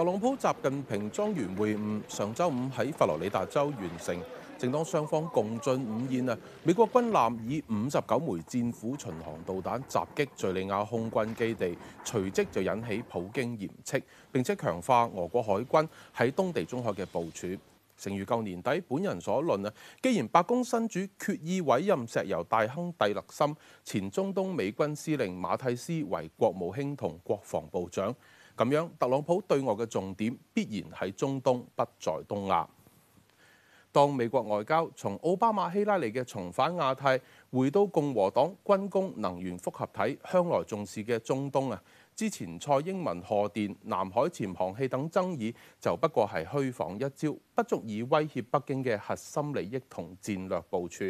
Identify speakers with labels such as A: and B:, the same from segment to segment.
A: 特朗普、習近平莊園會晤上週五喺佛羅里達州完成，正當雙方共進午宴啊，美國軍艦以五十九枚戰斧巡航導彈襲擊敍利亞空軍基地，隨即就引起普京嚴斥，並且強化俄國海軍喺東地中海嘅部署。誠如舊年底本人所論啊，既然白宮新主決意委任石油大亨蒂勒森、前中東美軍司令馬蒂斯為國務卿同國防部長。咁樣，特朗普對外嘅重點必然喺中東，不在東亞。當美國外交從奧巴馬希拉利嘅重返亞太，回到共和黨軍工能源複合體向來重視嘅中東啊，之前蔡英文賀電、南海潛航器等爭議就不過係虛晃一招，不足以威脅北京嘅核心利益同戰略部署。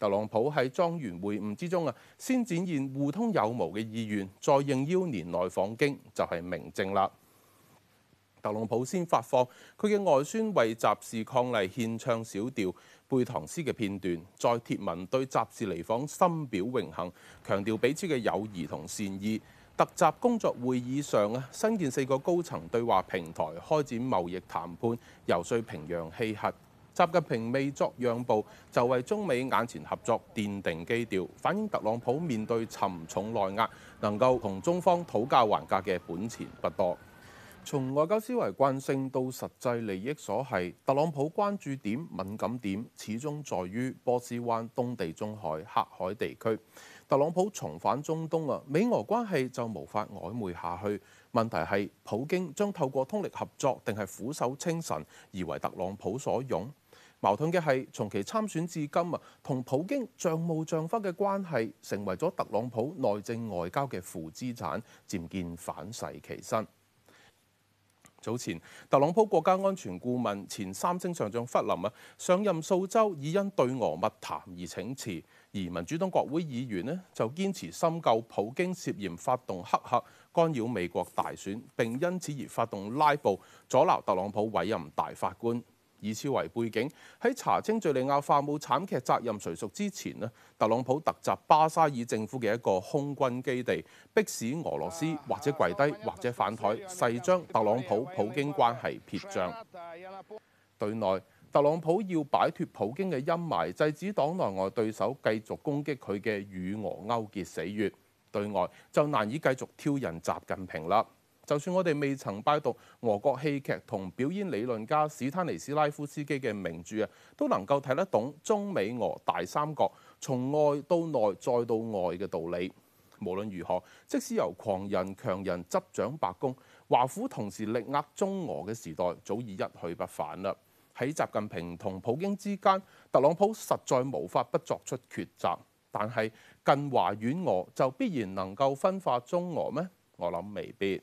A: 特朗普喺莊園會晤之中啊，先展現互通有無嘅意願，再應邀年內訪京就係、是、明證啦。特朗普先發放佢嘅外孫為習氏伉儷獻唱小調背唐詩嘅片段，再貼文對習氏嚟訪深表榮幸，強調彼此嘅友誼同善意。特習工作會議上啊，新建四個高層對話平台，開展貿易談判，遊說平壤棄核。習近平未作讓步，就為中美眼前合作奠定基調，反映特朗普面對沉重內壓，能夠同中方討價還價嘅本錢不多。從外交思維慣性到實際利益所係，特朗普關注點敏感點始終在於波斯灣、東地中海、黑海地區。特朗普重返中東啊，美俄關係就無法曖昧下去。問題係，普京將透過通力合作定係俯首稱臣，而為特朗普所用？矛盾嘅係，從其參選至今啊，同普京像霧像忽嘅關係，成為咗特朗普內政外交嘅負資產，漸見反噬其身。早前，特朗普國家安全顧問前三星上將弗林啊，上任數週已因對俄密談而請辭，而民主黨國會議員咧就堅持深究普京涉嫌發動黑客干擾美國大選，並因此而發動拉布阻撓特朗普委任大法官。以此為背景，喺查清敍利亞化武慘劇責任誰屬之前咧，特朗普突襲巴沙爾政府嘅一個空軍基地，迫使俄羅斯或者跪低或者反台，誓將特朗普普京關係撇賬。對內，特朗普要擺脱普京嘅陰霾，制止黨內外對手繼續攻擊佢嘅與俄勾結死穴；對外就難以繼續挑釁習近平啦。就算我哋未曾拜讀俄國戲劇同表演理論家史坦尼斯拉夫斯基嘅名著啊，都能夠睇得懂中美俄大三角從外到內再到外嘅道理。無論如何，即使由狂人強人執掌白宮、華府，同時力壓中俄嘅時代早已一去不返啦。喺習近平同普京之間，特朗普實在無法不作出抉擇，但係近華遠俄就必然能夠分化中俄咩？我諗未必。